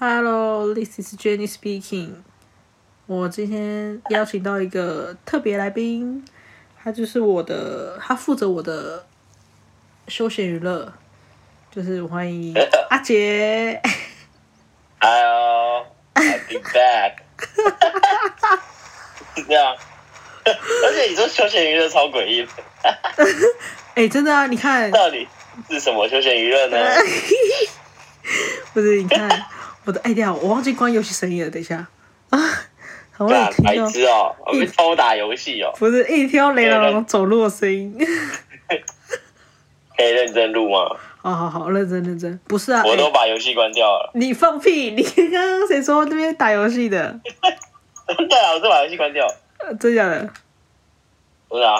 Hello, this is Jenny speaking. 我今天邀請到一個特別來賓，他就是我的，他負責我的休閒娛樂，就是歡迎阿杰。Hello,、哎 哎、I'm back. 這樣，而且你這休閒娛樂超詭異。 哎，真的啊，你看，到底是什麼休閒娛樂呢？ 不是，你看。我的哎呀！我忘記關遊戲聲音了。等一下啊！好也聽哦、啊喔。我知道，我偷打遊戲哦。不是，一、欸、聽到雷龍走路的聲音可以認真錄嗎？好、哦、好好，認真，認真。不是啊，我都把遊戲關掉了、欸。你放屁！你剛剛誰說這邊打遊戲的？對啊，我都把遊戲關掉。啊、真的，假的？不是啊？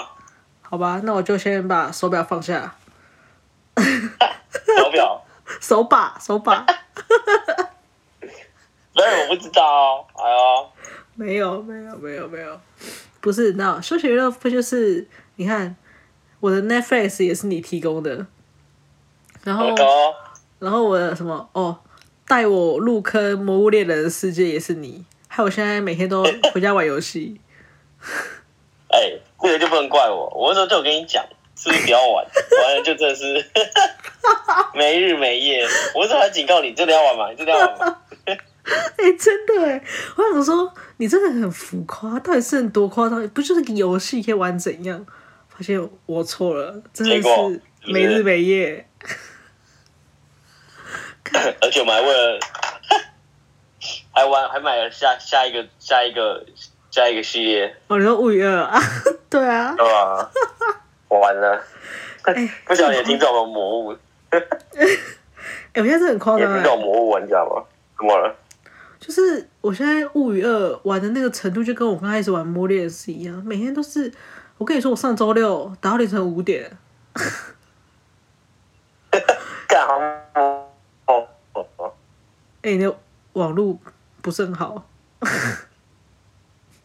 好吧，那我就先把手錶放下。 手錶，手把手把。 所以我不知道、哦， 哎呦，沒有沒有沒有沒有，不是那、no, 休閒娛樂不就是你看我的 Netflix 也是你提供的，然後，然後我的什麼哦帶我入坑《魔物獵人》的世界也是你，還有我現在每天都回家玩遊戲， 哎，這個就不能怪我，我是說這我跟你講，是不是比較晚，玩 的就真的是沒 日沒夜，我是很警告你。 你真的要玩嗎？你真的要玩嗎？ 哎、欸，真的哎、欸，我想說你真的很浮誇，到底是多誇張？不就是一個遊戲可以玩怎樣？發現我錯了，真的是沒日沒，沒，沒日沒夜。而且我們還為了還玩，還買了下下一個下一個下一個系列。我、哦、你說五月啊？對啊，對吧、啊、我玩了。哎、欸，不想也聽到我們魔物。哎、欸，我現在是很誇張、欸。也聽到魔物玩家嗎？怎麼了？就是我現在《物語二》玩的那個程度，就跟我剛開始玩《摩獵士》一樣，每天都是。我跟你說，我上周六打到凌晨五點。幹 啥、欸？哦哦哦！哎，你的網絡不是很好。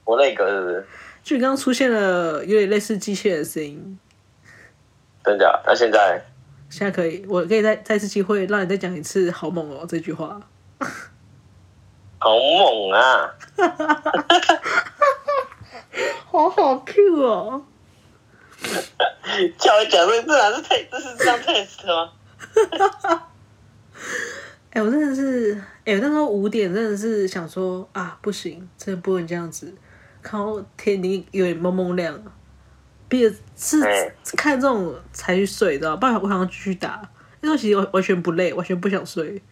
我那個就是，是。就你剛剛出現了有點類似機械的聲音。真的、啊？那現在？現在可以，我可以再再次機會讓你再講一次“好猛哦、喔”這句話。好猛啊！哈哈哈！哈哈！哈哈，好好 Q cue 哦！叫我講這是 paste 是這樣 paste 嗎？哈哈哈！哎，我真的是，哎、欸，我那時候五點真的是想說啊，不行，真的不能這樣子。看後天已經有點蒙蒙亮了，別是，是、欸、看這種才去睡的，不然我還要繼續打。那時候其實完完全不累，我完全不想睡。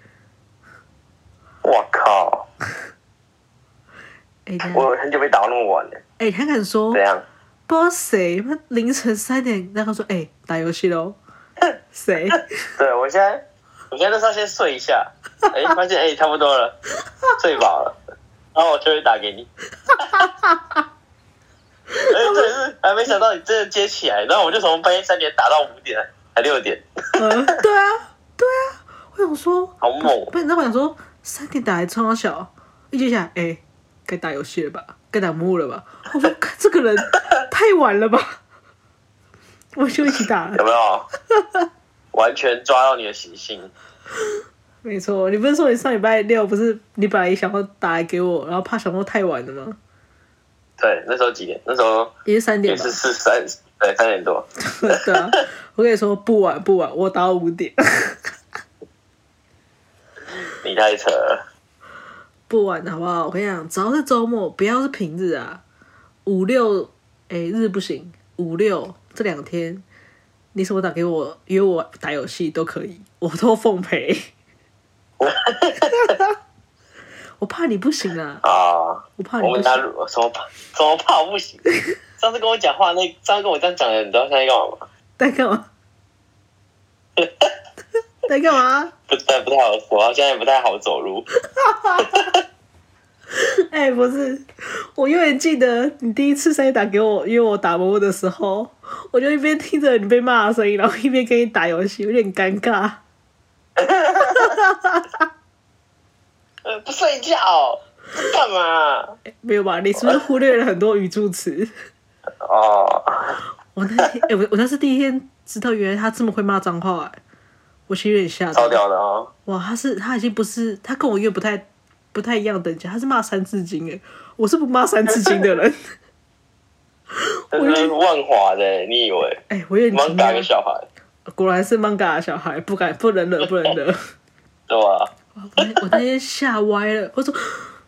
我靠！ 欸、看看我很久沒打到那麼晚了，哎、欸，他敢說怎樣，不知道誰，他凌晨三點，然後說：“哎、欸，打遊戲嘍。 ”誰？對我現在，我現在在上線，睡一下。哎、欸，發現哎、欸，差不多了，睡飽了， 然後我就會打給你。哎， 真是！還沒想到你真的接起來，然後我就從半夜三點打到五點，還六點。嗯、呃，對啊，對啊，我想說，好猛，喔！不，你我想說。三點打來超小，一直想誒，哎、欸，該打遊戲了吧，該打木了吧？我說這個人 太晚了吧，我就一起打了。有沒有？完全抓到你的習性。 沒錯，你不是說你上禮拜六不是你把小莫打來給我，然後怕小莫太晚了嗎？對，那時候幾點？那時候也是三點，也是是三，對，三點多。 對啊，我跟你說，不晚，不晚，我打到五點。 你太扯了，不玩的好不好？我跟你講，只要是周末，不要是平日啊。五六誒、欸，日不行，五六這兩天，你什麼打給我約我打遊戲都可以，我都奉陪。 我怕你不行啊！啊、uh,，我怕我們哪路什麼怕怎麼怕我不行？ 上次跟我講話那，上次跟我這樣講的，你知道現在幹嘛嗎？在幹嘛？ 在幹嘛？不在不太好說，現在也不太好走路。哎、 欸，不是，我永遠記得你第一次三打給我，因為我打波波的時候，我就一邊聽着你被罵的聲音，然後一邊跟你打遊戲，有點尷尬。呃 ，不睡覺幹嘛、欸？沒有吧？你是不是忽略了很多語助詞？哦、oh.，我那天，我、欸、我那是第一天知道，原來他這麼會罵髒話、欸，哎。我心有點嚇，燒掉了啊！哇，他是他已經不是，他跟我又不太不太一樣等級，他是罵三字經哎，我是不罵三字經的人。他 是萬華的，你以為？哎、欸，我也覺得。萬華的小孩，果然是萬華的小孩，不敢，不能惹，不能惹。能惹 對啊。我，我那天嚇歪了，我說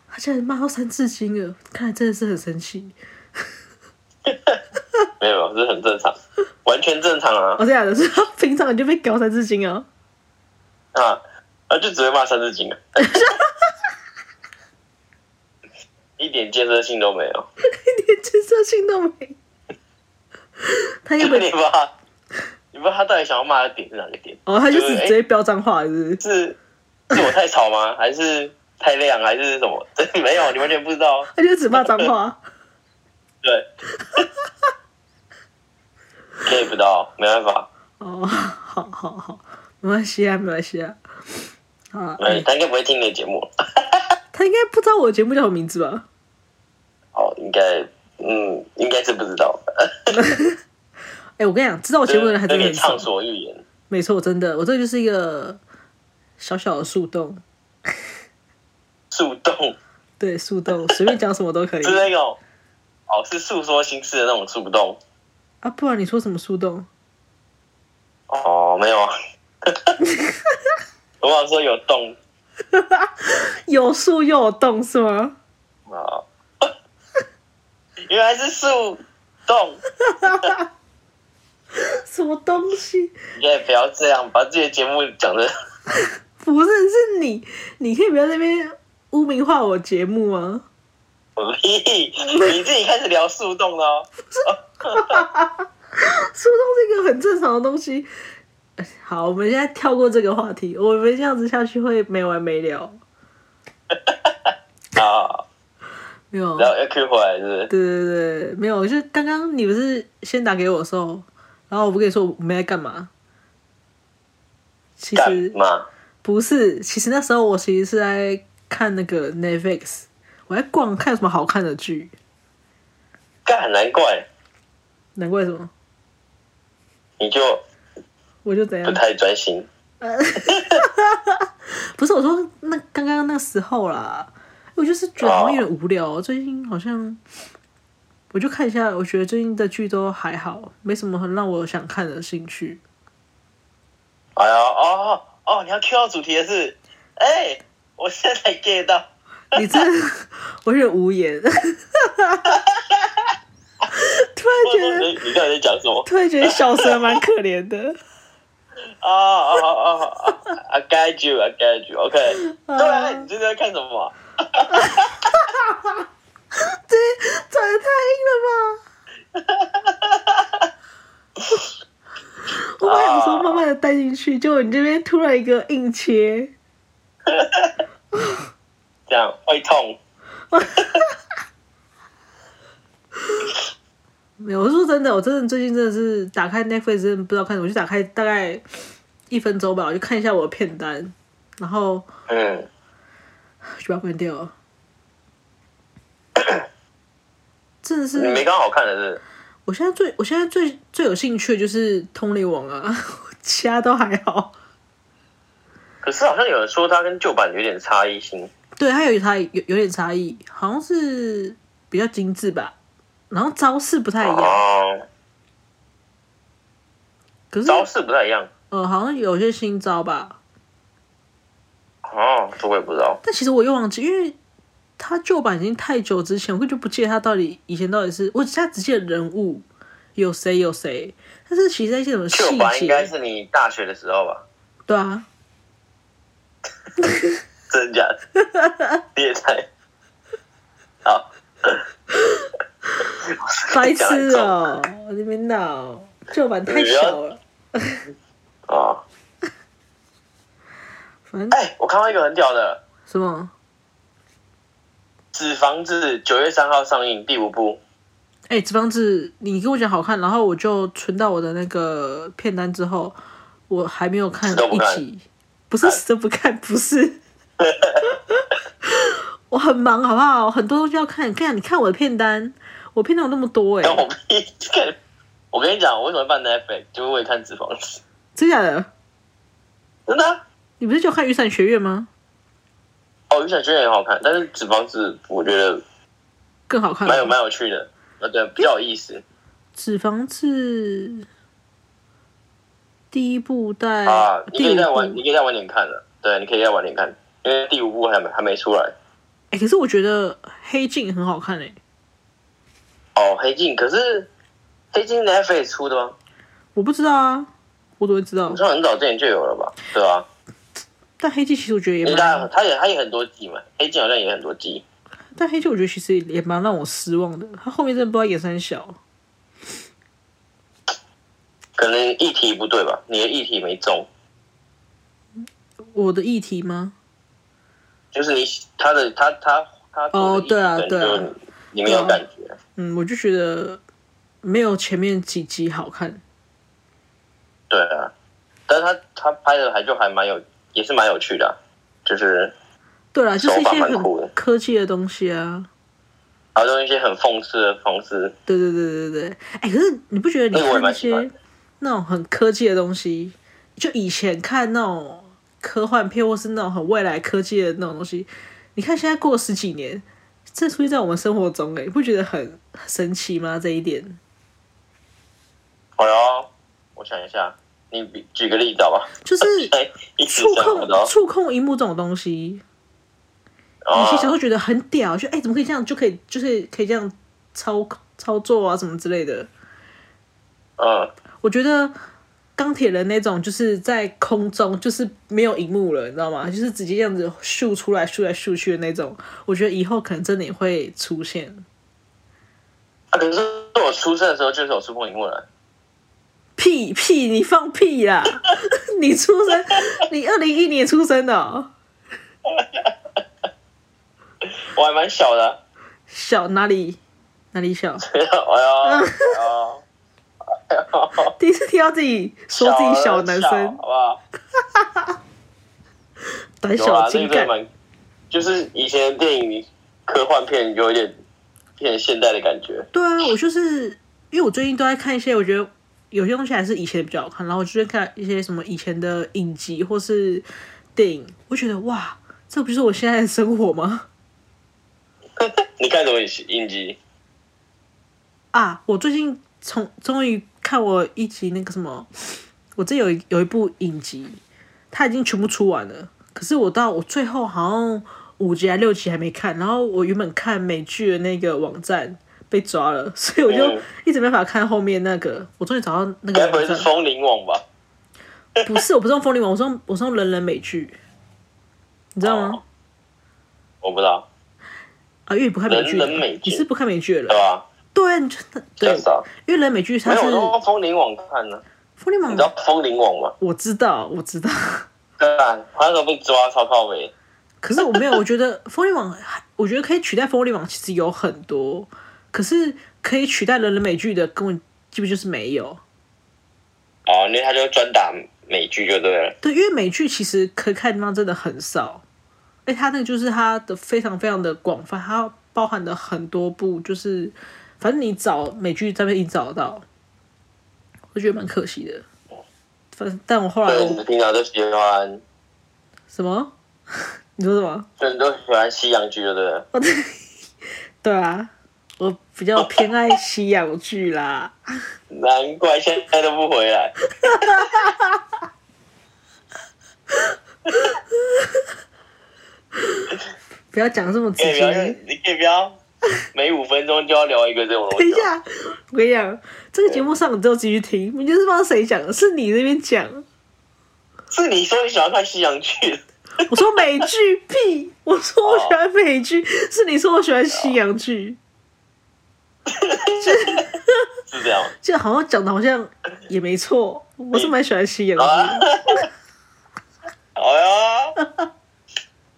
他竟然罵到三字經了，看來真的是很神奇。 沒有，這是很正常，完全正常啊！我、 哦、這樣子，是他平常你就被搞三字經啊。啊啊！就只會罵三字經啊， 一點建設性都沒有，一點建設性都沒。他也不知道，你不知道他到底想要罵的點是哪個點。哦，他就是直接飆髒話是不是？是、欸、是，是我太吵嗎？還是太亮？還是什麼？ 沒有，你完全不知道。他就只罵髒話。對，get 不到，沒辦法。哦，好好好。好沒關係啊，沒關係啊。啊、欸！他應該不會聽你的節目。 他應該不知道我節目叫什麼名字吧？哦，應該，嗯，應該是不知道。哎、 欸，我跟你講，知道我節目的人還真的很少。暢所欲言，沒錯，真的，我這就是一個小小的樹洞。樹 洞速動？ 對，樹洞，隨便講什麼都可以。是那個哦，是訴說心事的那種樹洞啊？不然你說什麼樹洞？哦，沒有啊。 我好說有洞， 有樹又有洞是嗎？啊， 原來是樹洞， 什麼東西？你不要這樣，把自己的節目整的， 不是是你，你可以不要在那邊污名化我節目嗎？不是， 你自己開始聊樹洞了，哦？不是，樹洞是一個很正常的東西。好，我們現在跳過這個話題。我們這樣子下去會沒完沒了。啊，沒有要要 Q 回來對對對，對，沒有。就是剛剛你不是先打給我的時候，然後我不跟你說我們在幹嘛幹嘛？其實不是，其實那時候我其實是在看那個 Netflix，我在逛看什麼好看的劇。幹，難怪，難怪什麼？你就。我就怎樣不太專心。呃、 不是，我說那剛剛那個時候啦，我就是覺得有點無聊。Oh. 最近好像，我就看一下，我覺得最近的劇都還好，沒什麼很讓我想看的興趣。哎呀，哦哦，你要 cue 到主題的是，哎、欸，我現在 get 到， 你真的，我是無言。 突然覺得你剛才講什麼？突然覺得小蛇蠻可憐的。啊啊啊啊好啊啊！I got you, I got you. OK。啊，來，你最近在看什麼？對， 轉的太硬了吧？ 我把你說慢慢的帶進去，就你這邊突然一個硬切， 這樣會痛。 沒有，我說真的，我真的最近真的是打開 Netflix，真的不知道看什麼，我就打開大概。一分鐘吧，我就看一下我的片單，然後嗯，就把它關掉了咳咳。真的是你沒剛好看的是，是。我現在最我現在最最有興趣的就是通靈王啊，其他都還好。可是好像有人說它跟舊版有點差異性。對，它有差異，有有點差異，好像是比較精緻吧，然後招式不太一樣。好好。可是招式不太一樣。嗯，好像有些新招吧？哦，這我也不知道。但其實我又忘記，因為他舊版已經太久之前，我根本就不記得他到底以前到底是我現他只記得人物有誰有誰，you say you say, 但是其實一些什麼細節，舊版應該是你大學的時候吧？對啊， 真的假的？獵 才好， 白痴啊，喔！我這邊鬧舊版太小了。 啊、哦， 反正哎、欸，我看到一個很屌的什麼《紙房子》，九月三號上映第五部。哎、欸，《紙房子》，你跟我講好看，然後我就存到我的那個片單之後，我還沒有看一，不起，不是死都不看，啊、不是。 我很忙，好不好？很多東西要看，看，你看我的片單，我片單有那麼多哎、欸。No, 我跟你講，我為什麼辦 Netflix 就為了看《紙房子》。真假的？真的？你不是就看《雨傘學院》嗎？哦，《雨傘學院》很好看，但是《紙房子》我覺得更好看的，蠻有蠻有趣的、啊，對，比較有意思。欸，《紙房子》第一部在啊，你可以再晚，你可以再晚點看了，對，你可以再晚點看，因為第五部還沒還沒出來。哎、欸，可是我覺得《黑鏡》很好看哎、欸。哦，《黑鏡》，可是《黑鏡》Netflix 出的嗎？我不知道啊。我怎麼會知道，好像很早之前就有了吧？對啊，但黑鏡其實我覺得也，不，他也他也很多集嘛，黑鏡好像也很多集。但黑鏡我覺得其實也蠻讓我失望的，他後面真的不知道演三小。可能議題不對吧？你的議題沒中。我的議題嗎？就是你他的他他他哦，oh, 對啊就對啊，你沒有感覺、啊？嗯，我就覺得沒有前面幾集好看。對啊，但是他他拍的還就還蠻有，也是蠻有趣的、啊，就是，對啊，就是一些很科技的東西啊，還有一些很諷刺的方式。對對對對對哎、欸，可是你不覺得你看那些那種很科技的東西，就以前看那種科幻片或是那種很未來科技的那種東西，你看現在過了十幾年，這出現在我們生活中、欸，哎，不覺得很神奇嗎？這一點，好、哎、啊。我想一下，你舉個例子好吧。就是你觸控 觸控螢幕這種東西，你其實會覺得很屌，就哎、欸，怎麼可以這樣就可以，就是可以這樣操操作啊什麼之類的。嗯，我覺得鋼鐵人那種就是在空中就是沒有螢幕了，你知道嗎？就是直接這樣子豎出來、豎來、豎去的那種。我覺得以後可能真的也會出現。啊，可是我出生的時候就是有觸控螢幕了屁屁，你放屁啦！ 你出生，你二零一一年出生的。哦， 我還蠻小的，小哪裡哪裡小？ 哎，哎 第一次聽到自己說自己小男生，小的小好不好？ 短小的精悍。啊那個，就是以前的電影科幻片有，有點有點現代的感覺。對啊，我就是因為我最近都在看一些我覺得。有些東西還是以前比較好看，然後我就會看一些什麼以前的影集或是電影，我覺得哇，這不是我現在的生活嗎？ 你看什麼影集，影集啊？我最近從終於看我一集那個什麼，我這有一有一部影集，它已經全部出完了，可是我到我最後好像五集還六集還沒看，然後我原本看美劇的那個網站。被抓了，所以我就一直沒辦法看後面那個、嗯。我終於找到那個。該不會是楓林網吧？不是，我不是用楓林網，我是用我是用人人美劇，你知道嗎？哦、我不知道。啊，因為不看美，美劇，你是不看美劇了？對啊，對，真的對。因為人美劇，它是用楓林網看的。楓林網，你知道楓林網嗎？我知道，我知道。對啊，他那時候被抓，超靠美。可是我沒有，我覺得楓林網，我覺得可以取代楓林網，其實有很多。可是可以取代人人美劇的，根本基本就是沒有。哦，因為他就專打美劇就對了。對，因為美劇其實可以看的地方真的很少。哎，他那個就是他的非常非常的廣泛，他包含的很多部，就是反正你找美劇這邊已經找得到，我覺得蠻可惜的。反正但我後來我們平常都喜歡什麼？ 你說什麼？很多都喜歡西洋劇，對不對？對， 對啊。我比較偏愛西洋劇啦。難怪現在都不回來 。 不要講這麼直接，你也不要，也不要每五分鐘就要聊一個這種。等一下，我跟你講，這個節目上了之後繼續聽，你就是不知道誰講的，是你那邊講，是你說你喜歡看西洋劇，我說美劇屁，我說我喜歡美劇，哦、是你說我喜歡西洋劇。是這樣，好像講的好像也沒錯，我是蠻喜歡西洋劇的。好，啊、 好呀，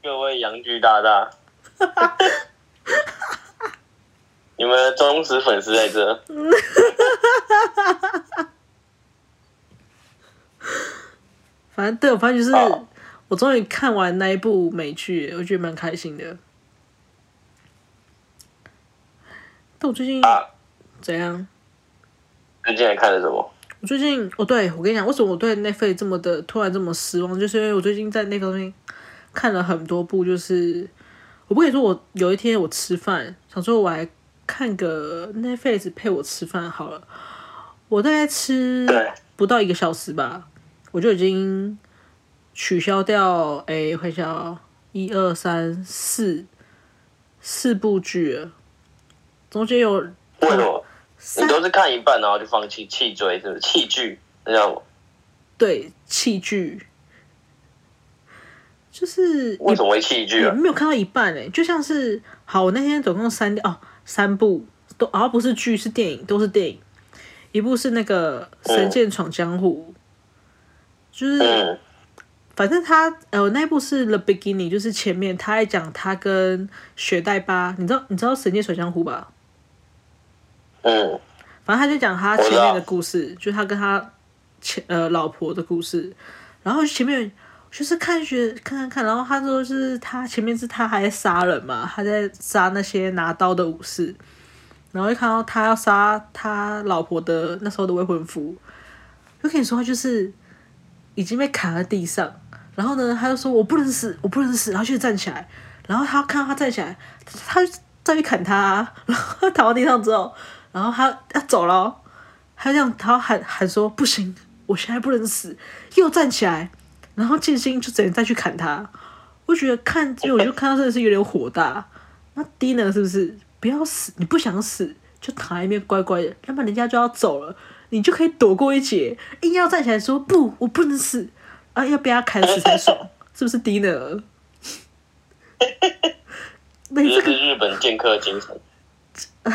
各位洋劇大大， 你們忠實粉絲在這。 反正對我發現就是，我終於看完那一部美劇，欸，我覺得蠻開心的。但我最近怎樣？啊、你最近看了什麼？我最近哦對，對我跟你講，為什麼我對那 e f 這麼的突然這麼失望？就是因為我最近在那個東西看了很多部，就是我不可以說，我有一天我吃飯，想說我來看個那 e 子 f 陪我吃飯好了。我在吃不到一個小時吧，我就已經取消掉，誒，會叫一二三四四部劇了。中間有為什麼三？你都是看一半然後就放棄棄追，是棄劇，你知道嗎？對，棄劇。就是為什麼會棄劇啊？沒有看到一半哎、欸，就像是好，我那天總共刪掉哦三部都，而、哦、不是劇是電影，都是電影，一部是那個《神劍闖江湖》嗯，就是、嗯、反正他呃那部是 The Beginning，就是前面他在講他跟雪代巴，你知道你知道《神劍闖江湖》吧？反正他就講他前面的故事，就他跟他前呃老婆的故事，然後前面就是看學看看看，然後他說是他前面是他還在殺人嘛，他在殺那些拿刀的武士，然後就看到他要殺他老婆的那時候的未婚夫，就跟你說他就是已經被砍在地上，然後呢他就說我不能死，我不能死，然後就站起來，然後他看到他站起來，他再去砍他，然後他躺到地上之後。然後他要，他要走了，哦，他這樣，他要喊喊說不行，我現在不能死，又站起來。然後劍心就只能再去砍他。我覺得看，因為我就看到真的是有點火大。那 Dina 是不是不要死？你不想死就躺在一邊乖乖的，那麼人家就要走了，你就可以躲過一劫。硬要站起來說不，我不能死啊，要被他砍死才爽， 是不是 Dina？ 欸、這個日，日本劍客精神。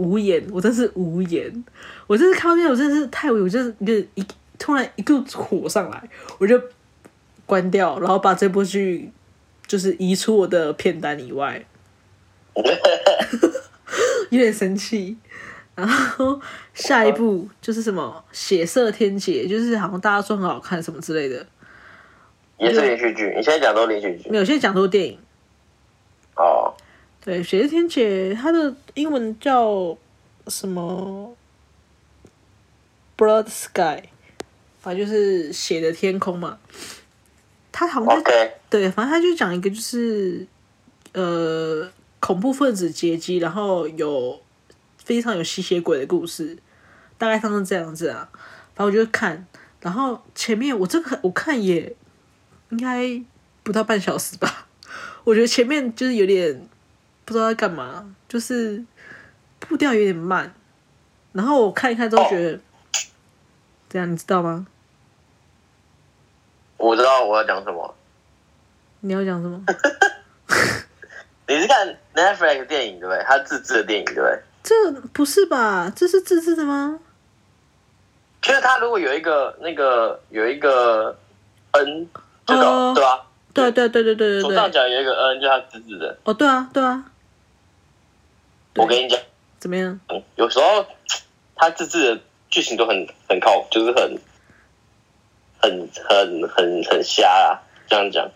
無言，我真是無言。我真是看到那種，我真是太無。我就是就一突然一股火上來，我就關掉，然後把這部劇就是移出我的片單以外。 有點生氣，然後下一部就是什麼《血色天劫》，就是好像大家都說很好看什麼之類的。也是連續劇，你現在講都連續劇？沒有，現在講都電影。對，血色天劫，他的英文叫什麼？Blood Sky，反正就是血的天空嘛。他好像在、okay. 對，反正他就講一個就是呃，恐怖分子劫機，然後有非常有吸血鬼的故事，大概像是這樣子啊。反正我就看，然後前面我這個我看也應該不到半小時吧，我覺得前面就是有點。不知道在幹嘛，就是步調有點慢，然後我看一看之後覺得，這、哦、樣你知道嗎？我知道我要講什麼。你要講什麼？ 你是看 Netflix 電影對不對？他自制的電影對不對？這不是吧？這是自制的嗎？其實他如果有一個那個有一個 N，、呃、對吧？對對對對對對對，對，左上角有一個 N，就是他自制的。哦，對啊，對啊。我跟你講，怎麼樣？嗯、有時候他自制的劇情都很很靠，就是很很很很很瞎啊，這樣講。哎、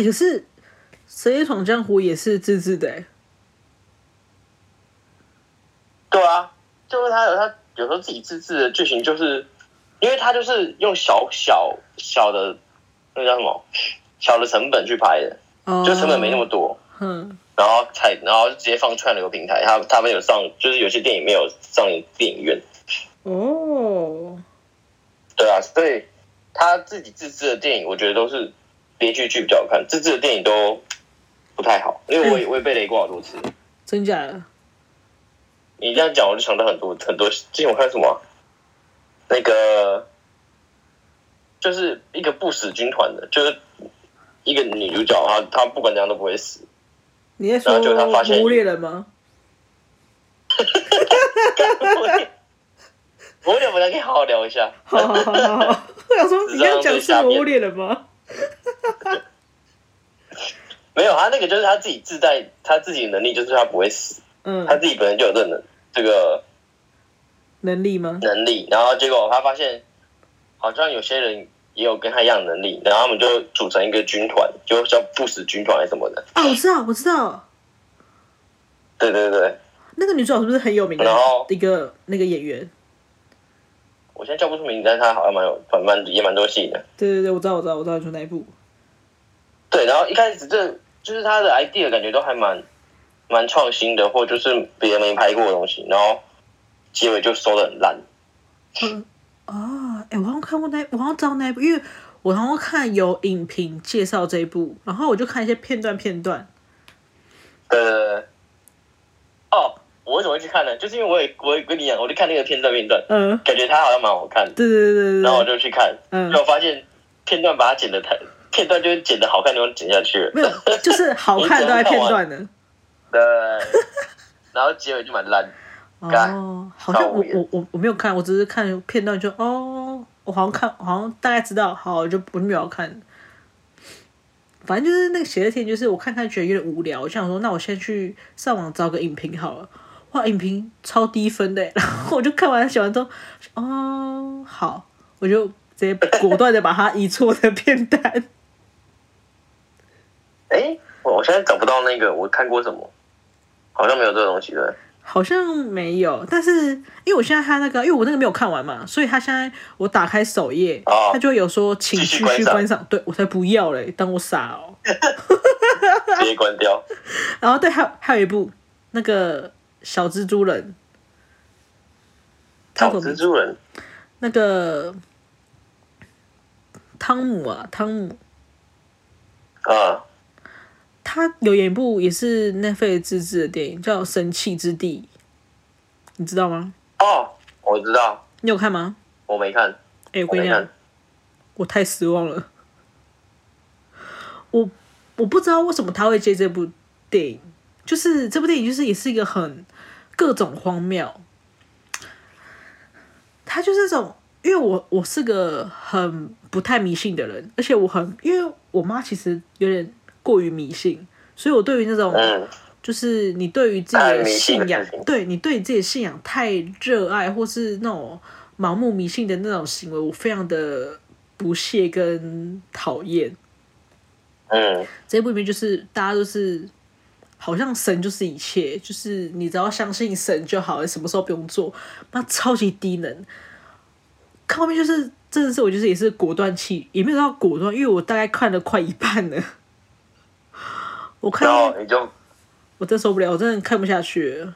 欸，可、就是《神醫闖江湖》也是自制的、欸，哎。對啊，就是他，他有時候自己自制的劇情，就是因為他就是用小小小的那叫什麼小的成本去拍的，oh, 就成本沒那麼多，嗯。然後才，然後直接放串流平台。他他們有上，就是有些電影沒有上電影院。哦、oh.。對啊，所以他自己自制的電影，我覺得都是連續劇比較好看。自制的電影都不太好，因為我也我也被雷過好多次。 真假的？你這樣講，我就想到很多很多。今天我看什麼、啊？那個就是一個不死軍團的，就是一個女主角，她她不管怎樣都不會死。你那說我是魔物獵人 剛魔力笑我們倆可以好好聊一下。 好，好好好，我要說你剛剛講的是魔物獵人嗎？ 沒有，他那個就是他自己自帶他自己能力，就是他不會死，嗯。他自己本身就有這個這個能力嗎？能力，然後結果他發現，好像有些人。也有跟他一樣的能力，然後他們就組成一個軍團，就叫不死軍團還是什麼的。哦，我知道，我知道。對對對，那個女主角是不是很有名的然後一個那個演員？我現在叫不出名字，但是她好像蠻有反蠻，蠻也蠻多戲的。對對對，我知道，我知道，我知道就那一部。對，然後一開始這就是他的 idea，感覺都還蠻蠻創新的，或者就是別人沒拍過的東西，然後結尾就收得很爛。嗯，哦哎、欸，我好像看過那，我好像知道那部，因為我好像看有影評介紹這一部，然後我就看一些片段片段。呃，哦，我怎麼會去看呢？就是因為我也我也跟你一樣，我就看那個片段片段，嗯、呃，感覺它好像蠻好看，對對對對，然後我就去看，然、呃、後發現片段把它剪得太，片段就是剪得好看地方剪下去了， 沒有，就是好看都在片段呢。對， 然後結尾就蠻爛。哦，好像我我我我沒有看，我只是看片段就哦，我好像看，好像大概知道，好，我就我要看。反正就是那個《邪惡天》，就是我看它覺得有點無聊，我想說，那我先去上網找個影評好了。哇，影評超低分的，然後我就看完寫完之後，哦，好，我就直接果斷的把它移錯的片段。誒、 欸，我我現在找不到那個我看過什麼，好像沒有這個東西，對。好像沒有，但是因為我現在他那個，因為我那個沒有看完嘛，所以他現在我打開首頁，哦，他就會有說請繼續繼續觀賞，對我才不要嘞，當我傻哦，直接關掉。 然後對，還有還有一部那個小蜘蛛人，小蜘蛛人，那個湯姆啊，湯姆，啊。他有演一部也是 Netflix 自製的電影，叫《神棄之地》，你知道嗎？哦、oh,，我知道。你有看嗎？我沒看。哎、欸，我跟你講，我太失望了。我我不知道為什麼他會接這部電影。就是這部電影，就是也是一個很各種荒謬。他就是那種，因為我我是個很不太迷信的人，而且我很因為我媽其實有點。過於迷信，所以我對於那種、嗯、就是你對於自己的信仰，呃、信對你對你自己的信仰太熱愛，或是那種盲目迷信的那種行為，我非常的不屑跟討厭。嗯，這部裡面就是大家都是好像神就是一切，就是你只要相信神就好，你什麼時候不用做，那超級低能。看後面就是真的是，我就是也是果斷棄，也沒有到果斷，因為我大概看了快一半了。我看，no，我真受不了，我真的看不下去。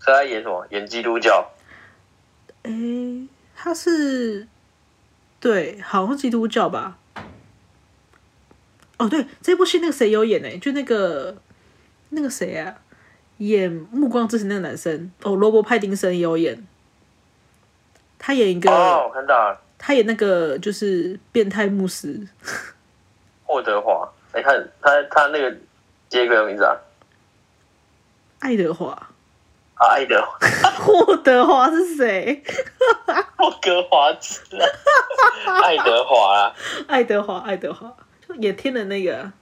他演什麼？演基督教？哎、欸，他是對，好像是基督教吧？哦，對，這部戲那個誰有演，欸？呢？就那個那個誰啊，演《暮光之城》那個男生哦，羅伯·派丁森也有演。他演一個哦，我看到。他演那個就是變態牧師，霍德華。你、欸、看他他，他那個傑哥的名字啊，愛德華，啊愛德，霍德華是誰？霍格華茲，愛德華啊，愛德華、 啊、 愛德華、啊，就也聽了那個、啊，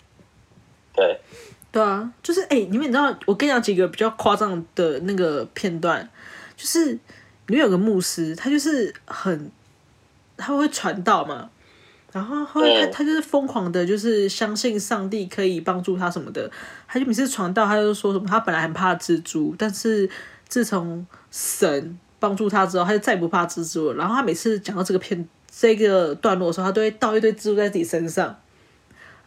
對，對啊，就是哎、欸，你們你知道，我跟你講幾個比較誇張的那個片段，就是裡面有個牧師，他就是很，他會傳道嘛。然後後來他他就是瘋狂的，就是相信上帝可以幫助他什麼的，他就每次傳道他就說什麼，他本來很怕蜘蛛，但是自從神幫助他之後，他就再也不怕蜘蛛了。然後他每次講到這個片這個段落的時候，他都會倒一堆蜘蛛在自己身上。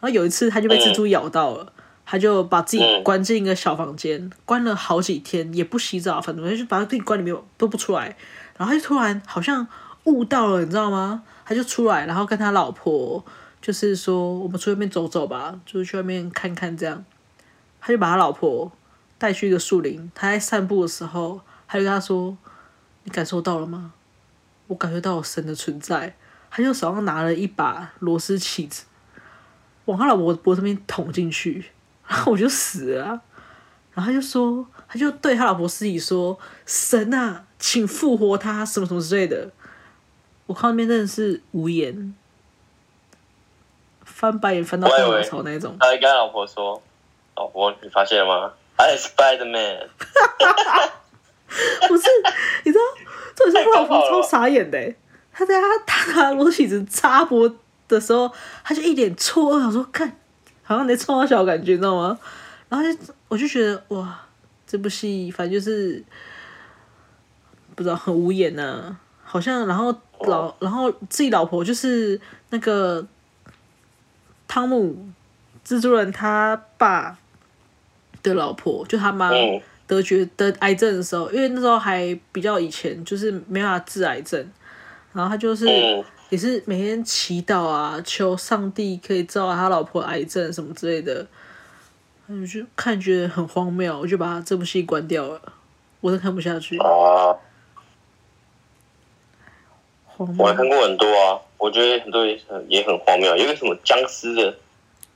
然後有一次他就被蜘蛛咬到了，他就把自己關進一個小房間，關了好幾天也不洗澡，反正就把自己關裡面都不出來。然後他就突然好像悟到了，你知道嗎？他就出來，然後跟他老婆就是說：“我們出外面走走吧，就是去外面看看這樣。”他就把他老婆帶去一個樹林，他在散步的時候，他就跟他說：“你感受到了嗎？我感覺到神的存在。”他就手上拿了一把螺絲起子，往他老婆的脖子那邊捅進去，然後我就死了啊。然後他就說，他就對他老婆屍體說：“神啊，請復活他，什麼什麼之類的。”我看那邊真的是無言，翻白眼翻到很醜那一種。他還跟老婆說：“老婆，你發現了嗎？I am Spider Man。 不是，你知道，重點是老婆超傻眼的、欸。他在他打打羅啟智插播的時候，他就一臉錯愕，想說：“看，好像在創造小感覺，你知道嗎？”然後就，我就覺得哇，這部戲反正就是不知道很無言呢、啊，好像然後。老，然後自己老婆就是那個湯姆蜘蛛人他爸的老婆，就他媽得絕得癌症的時候，因為那時候還比較以前，就是沒法治癌症。然後他就是也是每天祈禱啊，求上帝可以治好他老婆癌症什麼之類的。就看覺得很荒謬，我就把這部戲關掉了，我都看不下去。我看過很多啊，我覺得很多也很也很荒謬，有個什麼殭屍的，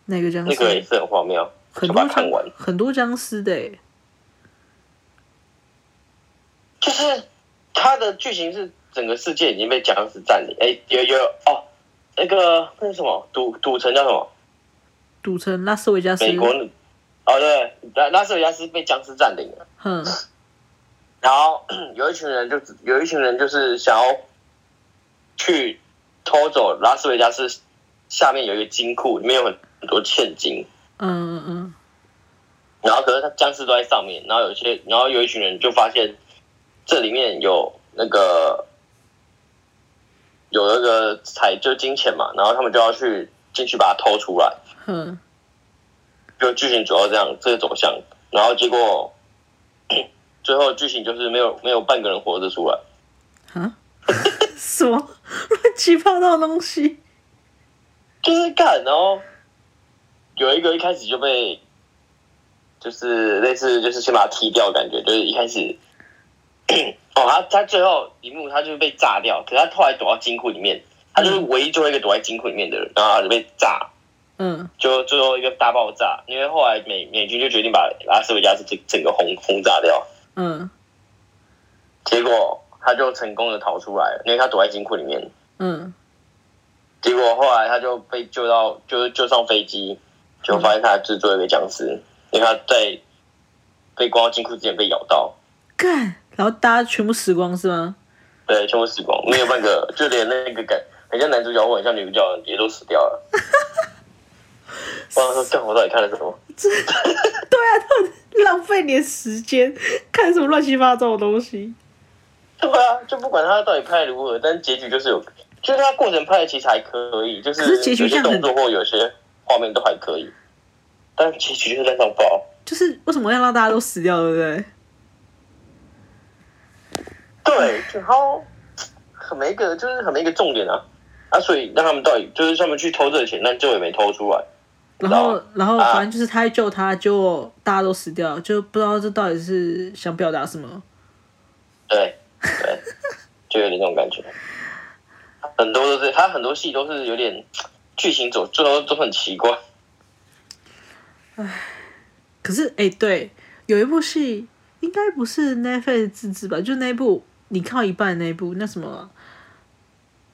哪個殭屍？那個也、那個、是很荒謬，很多就把看完很多殭屍的、欸。就是它的劇情是整個世界已經被殭屍佔領，哎、欸，有有哦，那個那個什麼賭賭城叫什麼？賭城拉斯維加斯。美國哦，對，拉拉斯維加斯被殭屍佔領了。嗯。然後有一群人就有一群人就是想要。去偷走拉斯維加斯下面有一個金庫，裡面有很多很多現金。嗯嗯嗯。然後可是，他僵屍都在上面。然後有些，然後有一群人就發現這裡面有那個有那個財，就金錢嘛。然後他們就要去進去把它偷出來。嗯。就劇情主要這樣這個走向，然後結果最後劇情就是沒有沒有半個人活着出來。嗯。 什麼亂七八糟的東西？就是看哦，有一個一開始就被，就是類似就是先把他踢掉的感覺就是一開始，哦，他他最後一幕他就被炸掉，可是他後來躲到金庫裡面，他就是唯一最後一個躲在金庫裡面的人，然後他就被炸，嗯，就最後一個大爆炸，因為後來美美軍就決定把拉斯維加斯整整個轟轟炸掉，嗯，結果。他就成功的逃出來了，因為他躲在金庫裡面。嗯，結果後來他就被救到，就就上飛機，就發現他制作一個僵屍，因為他在被關到金庫之前被咬到。幹，然後大家全部死光是嗎？對，全部死光，沒有半個就連那個感，很像男主角，很像女主角也都死掉了。 我想說幹，我到底看了什麼？ 對啊，他浪費點時間看什麼亂七八糟的東西。對啊，就不管他到底拍的如何，但結局就是有，就是他過程拍的其實還可以，就是有些動作或有些畫面都還可以，但結局就是那種爆。就是為什麼要讓大家都死掉，對不對？對，然後很沒一個，就是很沒一個重點啊啊！所以讓他們到底就是他們去偷這些錢，但最後也沒偷出來。然後，然後反正就是他救他，就大家都死掉，就不知道這到底是想表達什麼。對。 對，就有點那種感覺。很多都是，他很多戲都是有點劇情走，最後都，都很奇怪。唉，可是哎、欸，對，有一部戲應該不是 Netflix 自制吧？就那一部你看一半的那一部，那什麼、啊？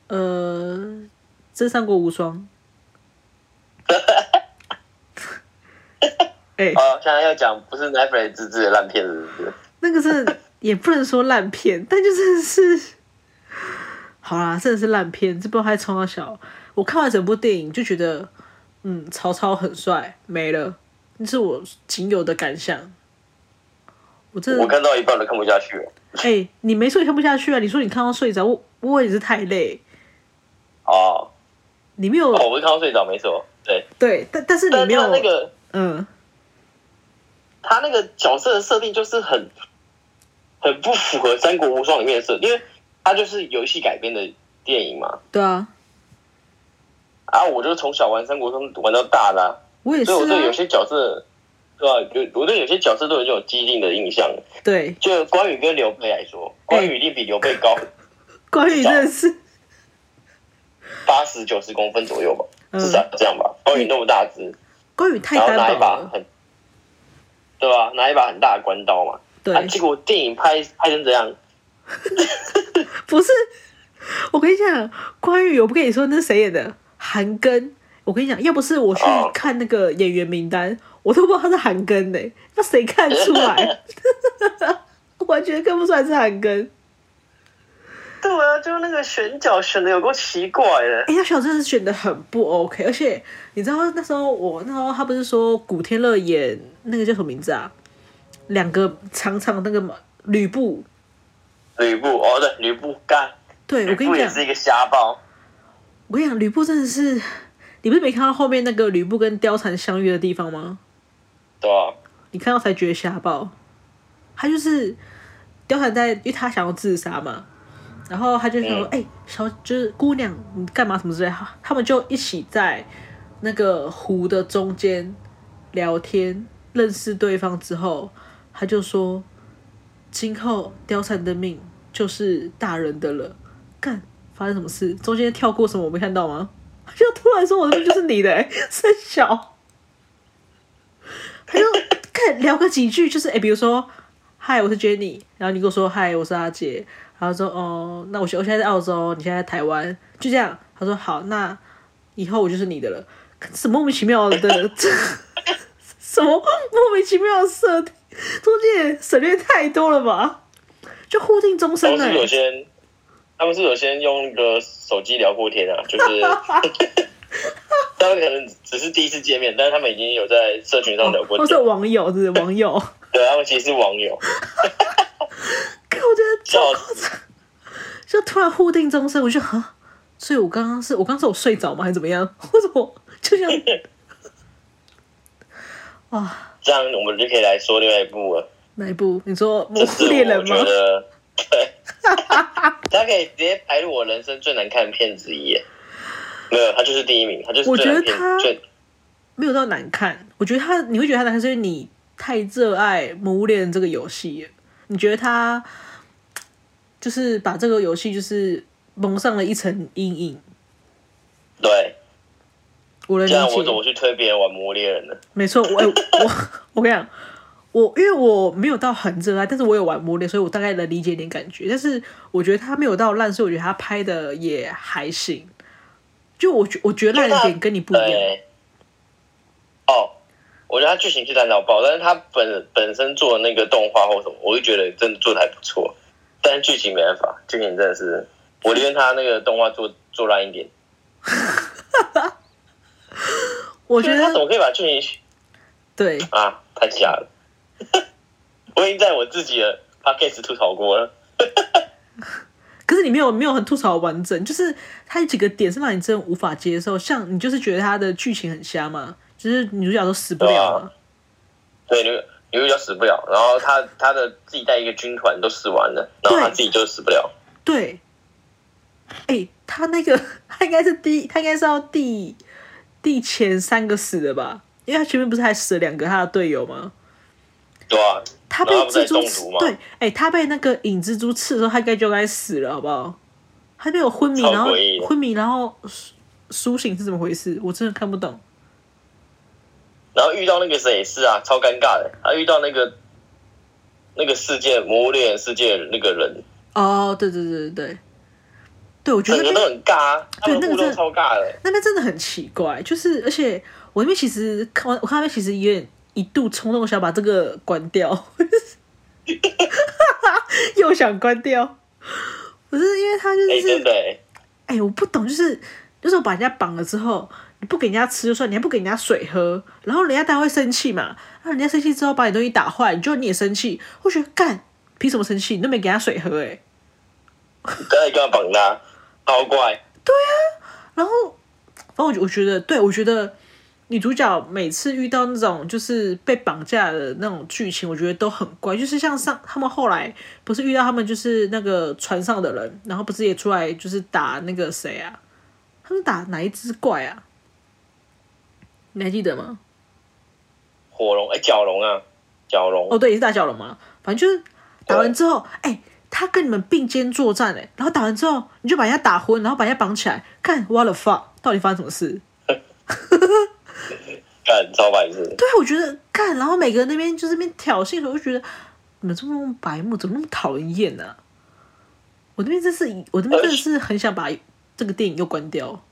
呃，真上過《真三國無雙》哦。哈哈哈哈哈！哎，好，現在要講不是 Netflix 自制的爛片子是不是？那個是。 也不能說爛片，但就是好啦，真的是爛片。這部還從小我看完整部電影就覺得，嗯，曹操很帥，沒了，這、就是我僅有的感想。我真的我看到一半都看不下去了。哎、欸，你沒說你看不下去啊？你說你看到睡着，我我也是太累。哦，你沒有，哦、我是看到睡着，沒錯，對對，但但是你沒有那個嗯，他那個角色的設定就是很。不符合《三國無雙》裡面的色，因為它就是遊戲改編的電影嘛。對啊，啊，我就從小玩《三國》們玩到大的、啊，我也是、啊。所以我對有些角色，對吧、啊？有我對有些角色都有這種既定的印象。對，就關羽跟劉備來說，關羽一定比劉備高、欸、高。關羽是八十九十公分左右吧？至、呃、少這樣吧。關羽那麼大只，關羽太大了。然後拿一把很，對吧、啊？拿一把很大的關刀嘛。結、啊、果電影拍拍成這樣？ 不是，我跟你講，關羽我不跟你說那是誰演的，韓庚。我跟你講，要不是我去看那個演員名單，我都不知道他是韓庚哎，那誰看出來？完全看不出來是韓庚。對要、啊、就那個選角選的有夠奇怪的哎，呀、欸，小鄭是選的很不 OK，而且你知道那時候我那時候他不是說古天樂演那個叫什麼名字啊？兩個長長那個呂布，呂布哦，對呂布幹，對，我跟你講，也是一個瞎包。我跟你講，呂布真的是，你不是沒看到後面那個呂布跟貂蟬相遇的地方嗎？對、啊，你看到才覺得瞎包。他就是貂蟬在，因為他想要自殺嘛，然後他就想說：“哎、嗯欸，小就是姑娘，你幹嘛什麼之類。”他們就一起在那個湖的中間聊天，認識對方之後。他就說：“今後貂蟬的命就是大人的了。”幹，發生什麼事？中間跳過什麼我沒看到嗎？就突然說：“我的命就是你的、欸。”誒真小他就看聊個幾句，就是哎、欸，比如說：“嗨，我是 Jenny。”然後你跟我說：“嗨，我是阿傑。”然後說：“哦，那我現我現在在澳洲，你現在在台灣。”就這樣，他說：“好，那以後我就是你的了。”這是 什麼莫名其妙的？這什麼莫名其妙的設定？中間省略太多了吧？就互定終身了、欸。是有些他們是有先用那個手機聊過天啊，就是 他們可能只是第一次見面，但是他們已經有在社群上聊過天。都、哦、是網友是不是，是網友。 對，他們其實是網友。我覺得，就突然互定終身，我就啊，所以我剛剛是，是我剛剛我睡着嗎？還是怎麼樣？我怎麼就這樣？ 哇！這樣我們就可以來說另外一部了。哪一部？你說《魔物獵人》嗎？我覺得，對， 他可以直接排入我人生最難看的片子一頁。沒有，他就是第一名，他就是我覺得他沒有到難看。我覺得他，你會覺得他難看，是因為你太熱愛《魔物獵人》這個遊戲。你覺得他就是把這個遊戲就是蒙上了一層陰影。對。我這樣我怎麼去推別人玩魔獵人呢？ 沒錯，我我我，我跟你講，我因為我沒有到很熱愛，但是我有玩《魔獵》，所以我大概能理解一點感覺。但是我覺得他沒有到爛，所以我覺得他拍的也還行。就我覺，我覺得爛一點跟你不一樣。欸、哦，我覺得他劇情是爛到爆，但是他本本身做的那個動畫或什麼，我就覺得真的做的還不錯。但是劇情沒辦法，今年真的是我寧願他那個動畫做做爛一點。 我覺得他怎麼可以把劇情。對啊，太假了， 我已經在我自己的 podcast 吐槽過了。 可是你沒有沒有很吐槽的完整，就是他有幾個點是讓你真的無法接受，像你就是覺得他的劇情很瞎嘛，就是女主角都死不了嘛，對，女女主角死不了，然後他他的自己帶一個軍團都死完了， 然後他自己就死不了。對，哎、欸，他那個他應該是第一他應該是要第。第前三個死的吧，因為他前面不是還死了兩個他的隊友嗎？對啊，他被蜘蛛對，哎、欸，他被那個影蜘蛛刺的時候，他應該就該死了，好不好？還沒有昏迷，然後昏迷，然後甦醒是怎麼回事？我真的看不懂。然後遇到那個誰是啊，超尷尬的，他、啊、遇到那個那個世界魔物獵人世界那個人。哦、oh,，對對對對對。對，我覺得那邊很尬。對尬的，對，那個真的超尬的，那邊真的很奇怪。就是，而且我那邊其實看，我看那邊其實有點，一度衝動想把這個關掉， 又想關掉，不是因為他就是，哎、欸欸，我不懂，就是就是我把人家綁了之後，你不給人家吃就算，你還不給人家水喝，然後人家當然會生氣嘛。那人家生氣之後把你東西打壞，你就你也生氣，我覺得幹憑什麼生氣？你都沒給他水喝、欸，哎，你剛剛綁啦。 超怪，對啊，然後反正我我覺得，對我覺得女主角每次遇到那種就是被綁架的那種劇情，我覺得都很怪。就是像上他們後來不是遇到他們就是那個船上的人，然後不是也出來就是打那個誰啊？他們打哪一只怪啊？你還記得嗎？火龍哎、欸，角龍啊，角龍哦，對，也是打角龍嘛。反正就是打完之後，哎、哦。誒他跟你們並肩作戰呢，然後打完之後，你就把人家打昏，然後把人家綁起來，看 what the fuck，到底發生什麼事？呵呵 幹超白癡，對，我覺得幹，然後每個人那邊就是那邊挑釁的時候，就覺得你們這麼白目，怎麼那麼討人厭呢？啊？我這邊真是，我這邊真的是很想把這個電影又關掉。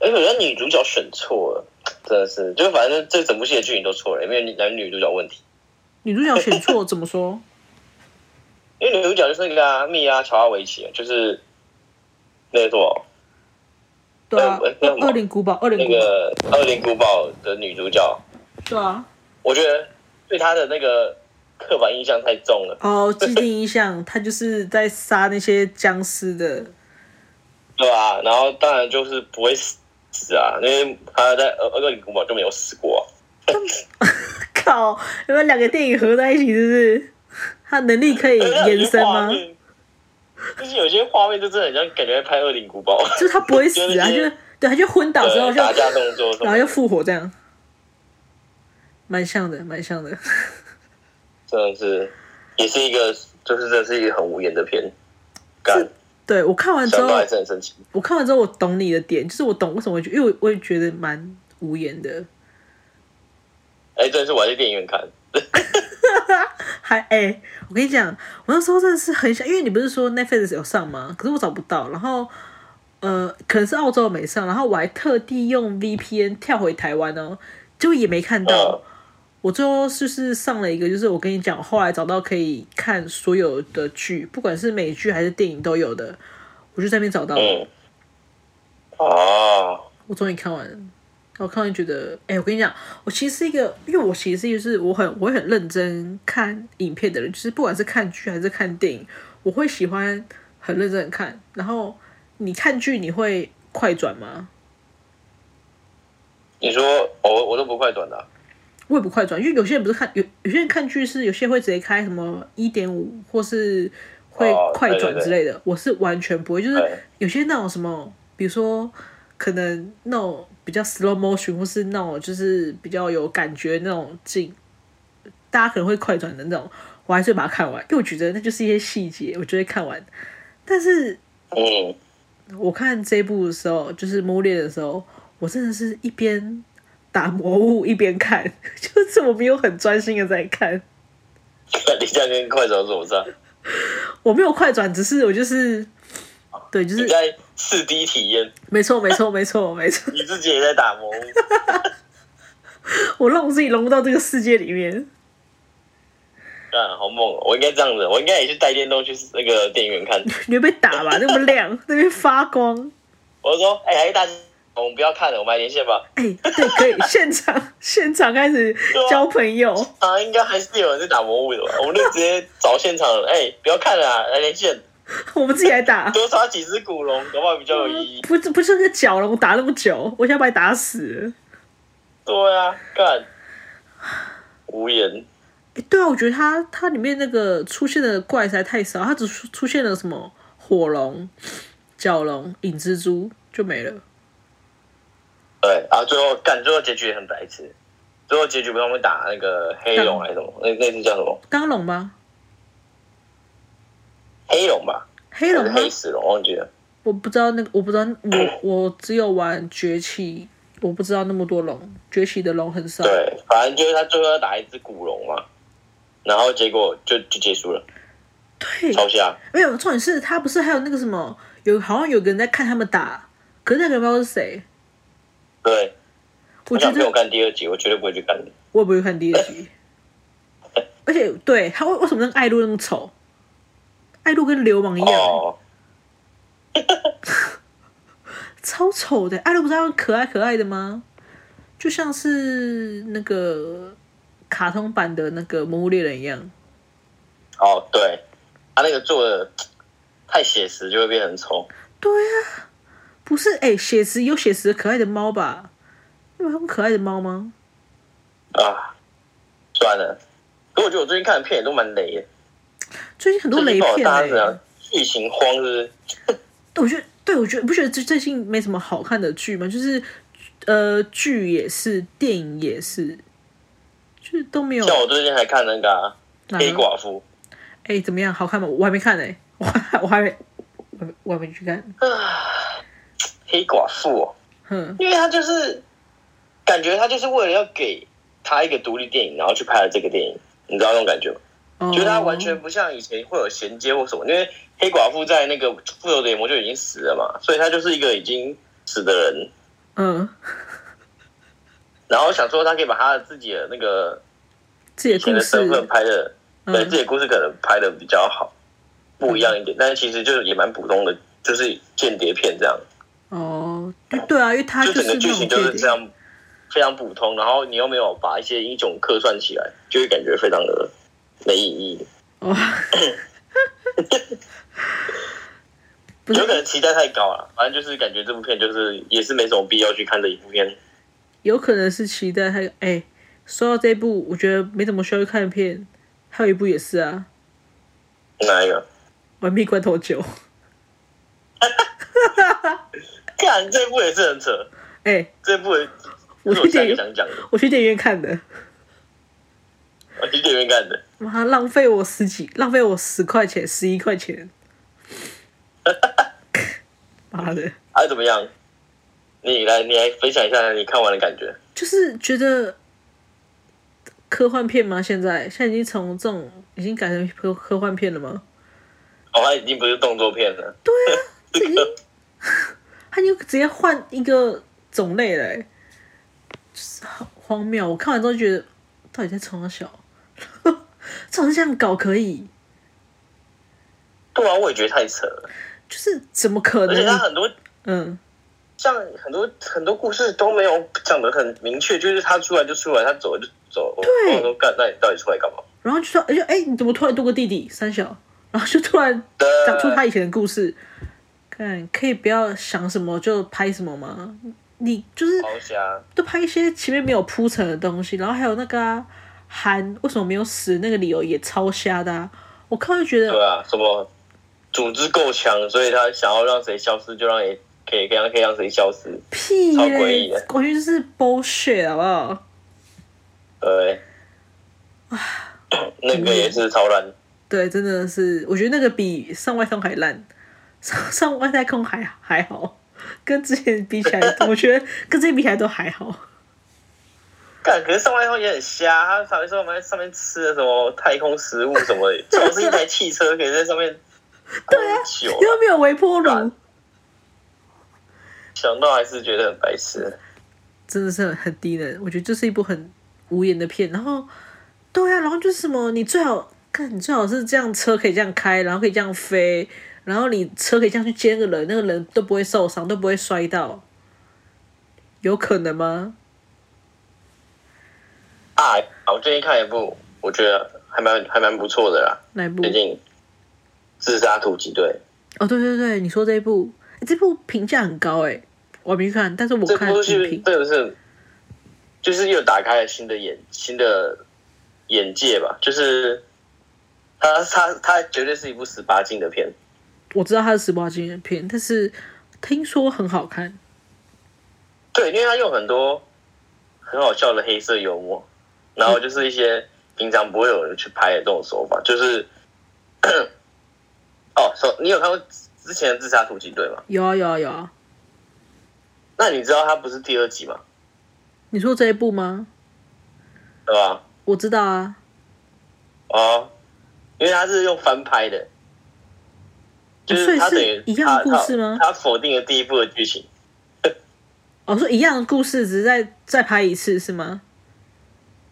哎、欸，我覺得女主角選錯了，真的是，就反正這整部戲的劇情都錯了，因為男女主角問題，女主角選錯了怎麼說？ 因為女主角就是那個啊蜜啊、喬阿維奇，就是那個什麼，對啊，惡靈古堡、惡靈那個《惡靈古堡》的女主角，對啊，我覺得對她的那個刻板印象太重了。哦，既定印象，她 就是在殺那些僵屍的，對啊，然後當然就是不會死啊，因為她在《惡靈古堡》就沒有死過啊。 靠，你們兩個電影合在一起是不是？他能力可以延伸嗎？是就 是有些畫面，就真的很像，感覺拍《惡靈古堡》。就他不會死啊， 就是他就對，他就昏倒之後就，就打架動作，然後又復活，這樣，蠻像的，蠻像的。真的是，也是一個，就是這是一個很無言的片。對，我看完之後，我看完之後，我，看完之後我懂你的點，就是我懂為什麼，因為我，我也覺得蠻無言的。哎、欸，真的是，我還去電影院看。哈哈哈還哎、欸，我跟你講，我那時候真的是很想，因為你不是說 Netflix 有上嗎？可是我找不到。然後，呃，可能是澳洲沒上。然後我還特地用 VPN 跳回台灣哦，就也沒看到。我最後就是上了一個，就是我跟你講，後來找到可以看所有的劇，不管是美劇還是電影都有的，我就在那邊找到。哦。我終於看完了。我可能覺得，哎、欸，我跟你講，我其實是一個，因為我其實就是一個，我很我很認真看影片的人，就是不管是看劇還是看電影，我會喜歡很認真看。然後你看劇你會快轉嗎？你說我我都不快轉的，我也不快轉，因為有些人不是看有有些人看劇是有些人會直接開什麼一點五或是會快轉之類的、哦對對對，我是完全不會。就是有些那種什麼，哎、比如說可能那種。比較 slow motion 或是那種就是比較有感覺的那種鏡，大家可能會快轉的那種，我還是把它看完，因為我覺得那就是一些細節，我就會看完。但是，嗯，我看這一部的時候，就是《魔物獵》的時候，我真的是一邊打魔物一邊看，就是我沒有很專心的在看。你這跟快轉怎麼差？ 我沒有快轉，只是我就是。對，就是你在四 D 體驗。沒錯，沒錯，沒錯，沒錯。你自己也在打魔物。 我讓我自己融入到這個世界裡面。啊，好猛、喔！我應該這樣子，我應該也是帶電動去那個電影院看。你會被打吧？那麼亮， 那邊發光。我說：“哎、欸，大家，我們不要看了，我們來連線吧。 ”哎、欸，對，可以，現場，現場開始交朋友。啊，應該還是有人在打魔物的吧？我們就直接找現場。哎、 欸，不要看了、啊，來連線。 我們自己來打， 多殺幾隻古龍的話比較有意義。不，不，不就是個角龍，打那麼久，我想要把你打死。對啊，幹。無言。欸，對啊，我覺得它它裡面那個出現的怪實在太少，它只出，出現了什麼火龍、角龍、影蜘蛛就沒了。對，然後最後幹，最後結局也很白痴。最後結局不是我們打那個黑龍還是什麼？那那隻叫什麼？鋼龍嗎？黑龍吧，黑龍黑死龍，我忘記了。嗯。我不知道那個，我不知道我我只有玩崛起，我不知道那麼多龍，崛起的龍很少。對，反正就是他最後要打一只古龍嘛，然後結果就就結束了。對，超下沒有重點是，他不是還有那個什麼，有好像有個人在看他們打，可是那個人不知道是誰？對，我覺得我沒有看第二集，我絕對不會去看的，我也不會看第二集。 而且對，他為為什麼那個艾露那麼醜？艾露跟流氓一樣、欸，oh. 超醜的、欸。艾露不是有可愛可愛的嗎？就像是那個卡通版的那個《魔物獵人》一樣。哦，對，他那個做的太寫實就會變成醜。對啊，不是哎，寫、欸、實有寫實的可愛的貓吧？有很可愛的貓嗎？啊，算了。不過我覺得我最近看的片也都蠻雷的。最近很多雷片哎，劇、啊、情慌，就是，不是對。我覺得，對我覺得不覺得最最近沒什麼好看的劇嗎？就是，呃，劇也是，電影也是，就是都沒有。像我最近還看那個，、啊、個黑寡婦，哎、欸，怎麼樣？好看嗎？我還沒看呢、欸，我還我還沒我還沒我還沒去看啊。黑寡婦、哦，嗯，因為他就是感覺他就是為了要給他一個獨立電影，然後去拍了這個電影，你知道那種感覺嗎？覺得他完全不像以前會有銜接或什麼，因為黑寡婦在那個復仇者聯盟就已經死了嘛，所以他就是一個已經死的人。嗯。然後想說，他可以把他自己的那個的的、嗯的嗯、自己的身份拍的，對，自己的故事可能拍的比較好，不一樣一點。嗯、但是其實就是也蠻普通的，就是間諜片這樣。哦、嗯，對啊，因為他就整個劇情就是這樣非、嗯，非常普通，然後你又沒有把一些英雄客串起來，就會感覺非常的。沒意義哇、oh. 有可能期待太高了、啊，反正就是感覺這部片就是也是沒什麼必要去看的一部片。有可能是期待有哎，說、欸、到這部，我覺得沒怎麼需要去看片。還有一部也是啊，哪一個？玩命關頭9。 看這部也是很扯哎、欸，這部我我去電影我，我去電影院看的。我去哪邊幹的，媽，浪費我十幾，浪費我十塊錢，十一塊錢。媽 的！還怎麼樣？你來，你來分享一下你看完的感覺。就是覺得科幻片嗎？現在現在已經從這種，已經改成科科幻片了嗎？哦，已經不是動作片了。對啊，已 經，他就直接換一個種類了、欸，就是好荒謬。我看完之後就覺得，到底在從小總是這樣搞可以？對啊，我也覺得太扯了。就是怎麼可能？而且他很多，嗯，像很多很多故事都沒有講的很明確，就是他出來就出來，他走就走。對。那你到底出來幹嘛？然後就說，哎、欸、哎，你怎麼突然多個弟弟三小？然後就突然講出他以前的故事。看，可以不要想什麼就拍什麼嗎？你就是都拍一些前面沒有鋪陳的東西，然後還有那個、啊。韓為什麼沒有死？那個理由也超瞎的啊，啊我看就覺得對啊，什麼組織夠強，所以他想要讓誰消失就讓誰，可以可以讓可以讓誰消失，屁、欸，超詭異的，完全就是 bullshit 好不好？對，哇，那個也是超爛，對，真的是，我覺得那個比上外太空還爛，上上外太空還還好，跟之前比起來， 我覺得跟之前比起來都還好。可是上來的時候也很瞎，啊，他旁邊說我們在上面吃了什麼太空食物什麼，怎麼、 啊、是一台汽車可以在上面滾你又沒有微波爐？想到還是覺得很白痴，真的是很低能。我覺得這是一部很無言的片。然後，對呀、啊，然後就是什麼，你最好看，你最好是這樣車可以這樣開，然後可以這樣飛，然後你車可以這樣去接個人，那個人都不會受傷，都不會摔到，有可能嗎？我最近看一部，我覺得還蠻還蠻不錯的啦。那一部？最近自殺，《自殺突擊隊》哦，對對對，你說這一部，欸、這部評價很高哎、欸，我沒看，但是我看這部劇真是，就是又打開了新的眼新的眼界吧。就是它它它絕對是一部十八禁的片，我知道它是十八禁的片，但是聽說很好看。對，因為它有很多很好笑的黑色幽默。然後就是一些平常不會有人去拍的這種手法，就是，哦，說、 oh, so, 你有看過之前的《自殺突擊隊》嗎？有啊，有啊，有啊。那你知道他不是第二集嗎？你說這一部嗎？對吧、啊？我知道啊。哦、oh,，因為他是用翻拍的，就是他等於、啊、一樣的故事嗎？他否定了第一部的劇情。我 說、哦、一樣的故事，只是再再拍一次是嗎？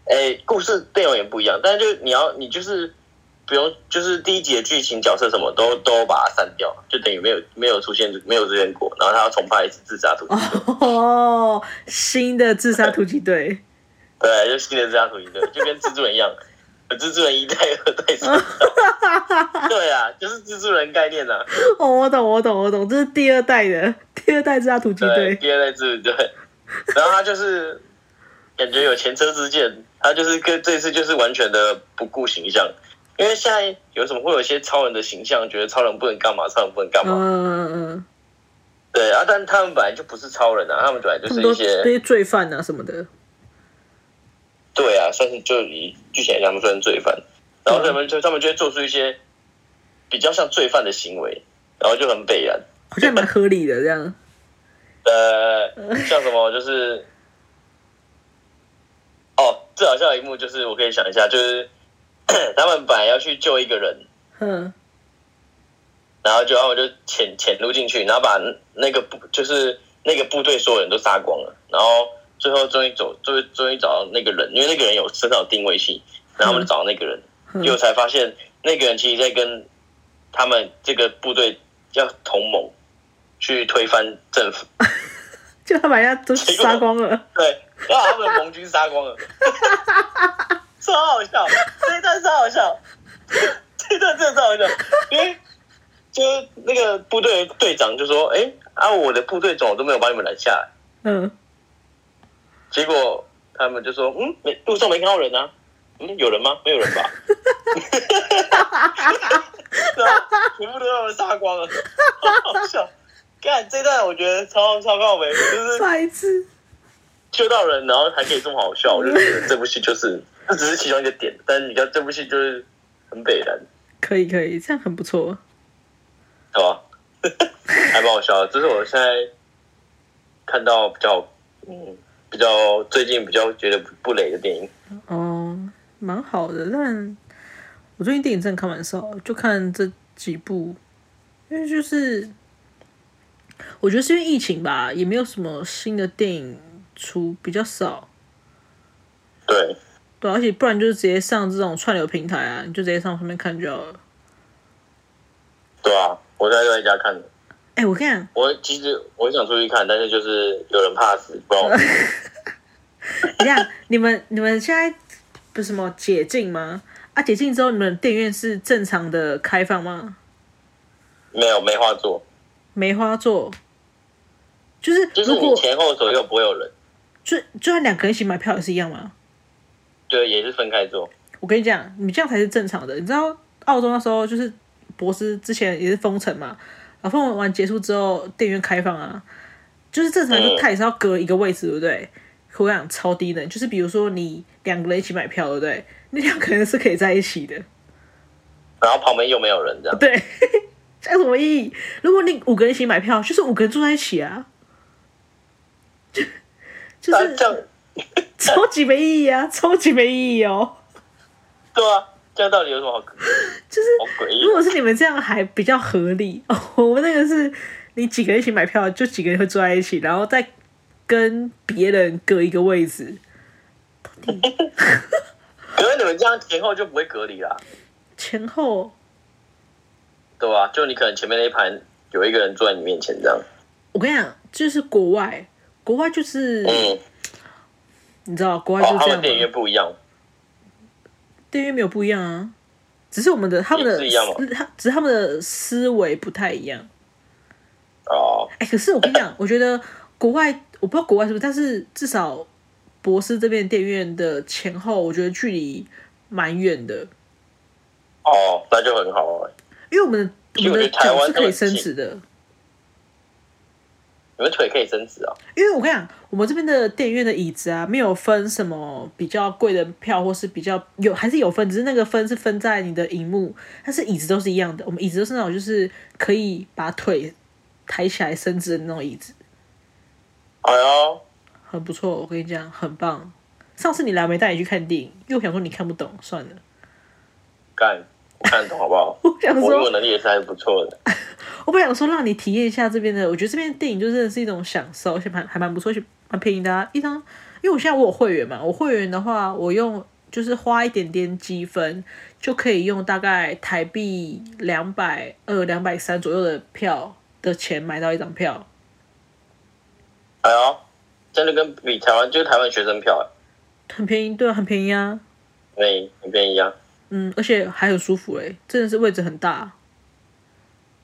哎、欸，故事內容也不一樣，但是就你要，你就是不用，就是第一集的劇情、角色什麼都都把它刪掉，就等於沒有沒有出現，沒有這邊過，然後他要重拍一次自殺突擊隊。哦，新的自殺突擊隊。 對，就新的自殺突擊隊，就跟蜘蛛人一樣， 蜘蛛人一代、二代。 對啊，就是蜘蛛人概念啊。哦，我懂，我懂，我懂，這是第二代的第二代自殺突擊隊，第二代自殺突擊隊， 然後他就是感覺有前車之鑑。他就是跟這一次就是完全的不顧形象，因為現在有什麼會有一些超人的形象，覺得超人不能幹嘛，超人不能幹嘛。嗯嗯嗯。對啊，但他們本來就不是超人啊，他們本來就是一些一些罪犯啊什麼的。對啊，算是就以劇情來講他們算是罪犯，然後他們就他們就會做出一些比較像罪犯的行為，然後就很自然，好像蠻合理的這樣。 呃，像什麼就是。哦，最好笑的一幕就是，我可以想一下，就是他們本來要去救一個人。嗯，然後就然後我就潛潛入進去，然後把那個部就是那個部隊所有人都殺光了，然後最後終於走，終於終於找到那個人，因為那個人有身上有定位器，然後他們就找到那個人。嗯，結果才發現那個人其實在跟他們這個部隊要同盟去推翻政府。嗯就他把人家都殺光，光了，對，把他們的盟軍殺光了，超好笑，這一段超好笑，這一段真的超好笑，因、欸、為就那個部隊隊長就說，哎、欸，啊，我的部隊總都沒有把你們攔下來，嗯，結果他們就說，嗯，沒路上沒看到人呢、啊，嗯，有人嗎？沒有人吧，然 後 全部都讓殺光了，好，好笑。你看這段，我覺得超超超笑，就是再一次救到人，然後還可以這麼好笑，我就覺得這部戲就是，這 只是其中一個點，但是你看這部戲就是很北的，可以可以，這樣很不錯，好啊，還蠻好笑， 這是我現在看到比較嗯比較最近比較覺得不雷的電影，哦，蠻好的，但我最近電影真的看完少，就看這幾部，因為就是。我覺得是因為疫情吧，也沒有什麼新的電影出，比較少。對，對、啊，而且不然就是直接上這種串流平台啊，你就直接上上面看就好了。對啊，我現在又在家看。哎、欸，我看，我其實我想出去看，但是就是有人怕死。不聽 這樣，你們你們現在不是什麼解禁嗎？啊，解禁之後你們的電影院是正常的開放嗎？沒有，沒話做。梅花座就是如果、就是、你前後左右不會有人，就就算兩個人一起買票也是一樣嗎？對，也是分開坐。我跟你講，你這樣才是正常的。你知道澳洲那時候就是博士之前也是封城嘛，然後封完結束之後，電影院開放啊，就是正常，它也是要隔一個位置，對不對？口、嗯、感超低的，就是比如說你兩個人一起買票，對不對？那兩個人是可以在一起的，然後旁邊又沒有人這樣，對。有什麼意義？如果你五個人一起買票，就是五個人住在一起啊，就是、啊、這樣超級沒意義啊，超級沒意義哦。對啊，這樣到底有什麼好？就是如果是你們這樣還比較合理，我、oh, 們那個是你幾個人一起買票，就幾個人會住在一起，然後再跟別人隔一個位置。因為你們這樣前後就不會隔離了、啊。前後。對啊，就你可能前面那一排有一個人坐在你面前這樣。我跟你講，就是國外，國外就是，嗯、你知道，國外就是、哦、他們的電影院不一樣。電影院沒有不一樣啊，只是我們的他們的是只是他們的思維不太一樣。哦。哎、欸，可是我跟你講， 我覺得國外，我不知道國外是不是，但是至少博士這邊電影院的前後，我覺得距離蠻遠的。哦，那就很好哎、欸。因為我們的我們的腳是可以伸直的，你們腿可以伸直啊？因為我跟你講，我們這邊的電影院的椅子啊，沒有分什麼比較貴的票，或是比較有，還是有分，只是那個分是分在你的熒幕，但是椅子都是一樣的。我們椅子都是那種就是可以把腿抬起來伸直的那種椅子。好呀，很不錯，我跟你講，很棒。上次你來沒帶你去看電影，又想說你看不懂，算了。幹。我看得懂好不好？ 我想說，我能力也是還是不錯的。 我不想說，讓你體驗一下這邊的，我覺得這邊電影就真的是一種享受，還還蠻不錯，很便宜的，啊，一張。因為我現在我有會員嘛，我會員的話，我用就是花一點點積分就可以用大概台幣兩百二、兩百三左右的票的錢買到一張票。哎呦，真的跟比台灣就是台灣學生票哎，很便宜，對啊，很便宜啊，對，很便宜啊。嗯，而且還很舒服哎、欸，真的是位置很大，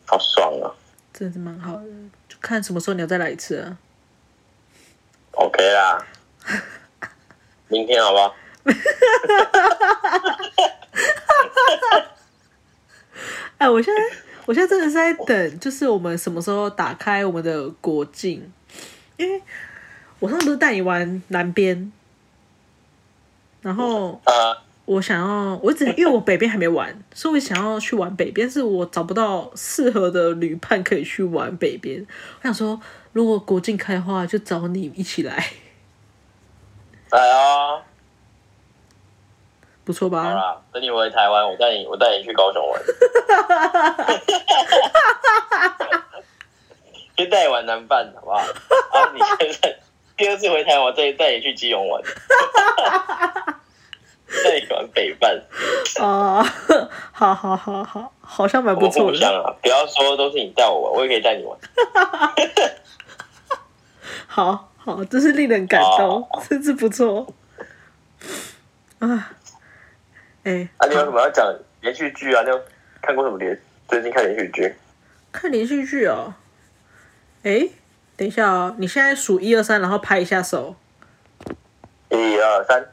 好爽啊！真的是蠻好的、嗯，就看什麼時候你要再來一次啊 OK 啦， 明天好不好？ 哎，我現在我現在真的是在等，就是我們什麼時候打開我們的國境，因為我上次都帶你玩南邊，然後呃。我想要，我只因為我北邊還沒玩，所以我想要去玩北邊。但是我找不到適合的旅伴可以去玩北邊。我想說，如果國境開的話，就找你一起來。來啊，不錯吧？好啦，等你回台灣，我帶你，我帶你去高雄玩。哈哈哈哈哈！先帶你玩南半，好不好？啊， 你現在第二次回台灣，我再帶你去基隆玩。哈哈哈哈哈！帶你喜歡北半，哦、oh, 好，好，好，好，好像蠻不錯的。我互相、啊、不要說都是你帶我玩，我也可以帶你玩。好 好，真是令人感動，oh. 真是不錯。啊，哎，啊，你有什麼要講連續劇啊？那、嗯、種看過什麼連？最近看連續劇？看連續劇哦。哎、欸，等一下哦，你現在數一二三，然後拍一下手。一二三。